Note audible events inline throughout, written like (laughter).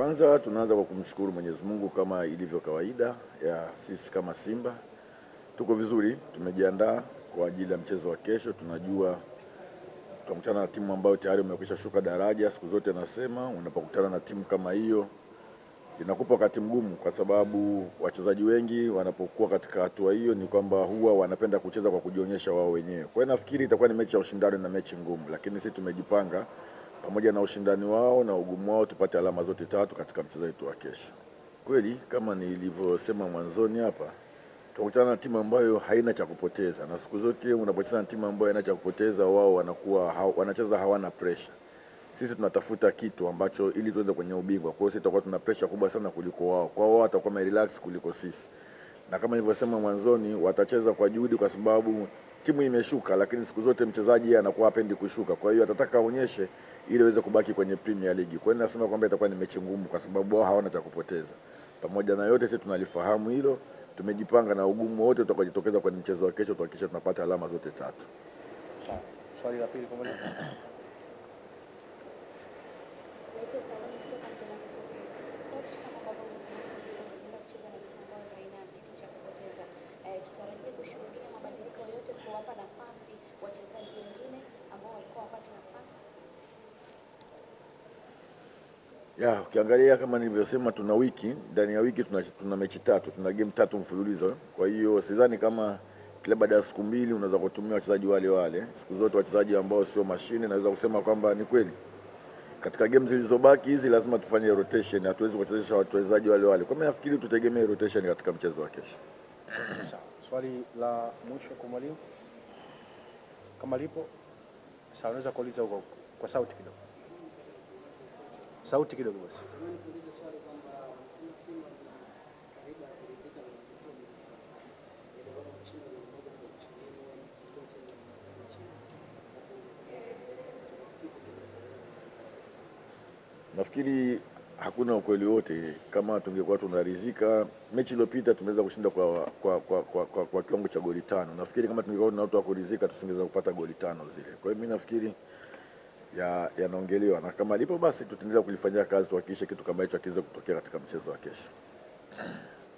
Kwanza tunaanza kwa kumshukuru Mwenyezi Mungu kama ilivyo kawaida ya sisi kama Simba. Tuko vizuri, tumejiandaa kwa ajili ya mchezo wa kesho. Tunajua tutakutana na timu ambayo tayari umekwisha shuka daraja. Siku zote nasema unapokutana na timu kama hiyo inakupa wakati mgumu, kwa sababu wachezaji wengi wanapokuwa katika hatua hiyo ni kwamba huwa wanapenda kucheza kwa kujionyesha wao wenyewe. Kwa hiyo nafikiri itakuwa ni mechi ya ushindani na mechi ngumu, lakini sisi tumejipanga pamoja na ushindani wao na ugumu wao tupate alama zote tatu katika mchezo wetu wa kesho. Kweli kama nilivyosema mwanzoni hapa, tunakutana na timu ambayo haina cha kupoteza, na siku zote unapocheza na timu ambayo haina cha kupoteza, wao wanakuwa wanacheza hawana pressure. Sisi tunatafuta kitu ambacho ili tuende kwenye ubingwa. Kwa hiyo sisi tutakuwa tuna pressure kubwa sana kuliko wao, kwa wao watakuwa relax kuliko sisi na kama nilivyosema mwanzoni, watacheza kwa juhudi, kwa sababu timu imeshuka, lakini siku zote mchezaji anakuwa hapendi kushuka. Kwa hiyo atataka aonyeshe ili aweze kubaki kwenye Premier League. Kwa hiyo nasema kwamba itakuwa ni mechi ngumu, kwa sababu wao hawana cha kupoteza. Pamoja na yote, sisi tunalifahamu hilo, tumejipanga na ugumu wote utakaojitokeza kwenye mchezo wa kesho, tuhakikisha tunapata alama zote tatu. Swali la pili pamoja (clears throat) Ya, ukiangalia kama nilivyosema, tuna wiki ndani ya wiki tuna, tuna mechi tatu, tuna game tatu mfululizo. Kwa hiyo sidhani kama kila baada ya siku mbili unaweza kutumia wachezaji wale wale siku zote, wachezaji ambao sio mashine. Naweza kusema kwamba ni kweli katika game zilizobaki hizi lazima tufanye rotation, hatuwezi kuwachezesha wachezaji wale wale. Kwa mimi nafikiri tutegemee rotation katika mchezo wa kesho. Swali la mwisho kwa mwalimu kama lipo, sasa unaweza kuuliza huko kwa sauti kidogo sauti kidogo basi. Nafikiri hakuna ukweli wote. Kama tungekuwa tunaridhika, mechi iliyopita tumeweza kushinda kwa, kwa, kwa, kwa, kwa, kwa kiwango cha goli tano. Nafikiri kama tungekuwa tuna watu wa kuridhika, tusingeweza kupata goli tano zile. Kwa hiyo mimi nafikiri yanaongelewa ya na kama lipo basi tutaendelea kulifanyia kazi tuhakikishe kitu kama hicho hakiweze kutokea katika mchezo wa kesho.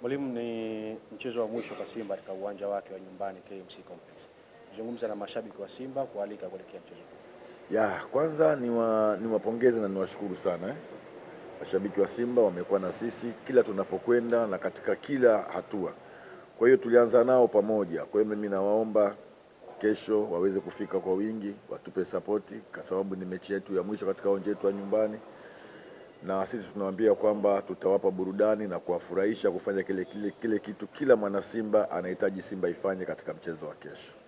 Mwalimu, ni mchezo wa mwisho kwa Simba katika uwanja wake wa nyumbani KMC Complex. Zungumza na mashabiki wa Simba kualika kuelekea mchezo huu. Ya kwanza ni wapongeze na niwashukuru sana eh. Mashabiki wa Simba wamekuwa na sisi kila tunapokwenda na katika kila hatua, kwa hiyo tulianza nao pamoja. Kwa hiyo mimi nawaomba kesho waweze kufika kwa wingi, watupe sapoti kwa sababu ni mechi yetu ya mwisho katika uwanja wetu wa nyumbani, na sisi tunawaambia kwamba tutawapa burudani na kuwafurahisha kufanya kile, kile, kile kitu kila mwana Simba anahitaji Simba ifanye katika mchezo wa kesho.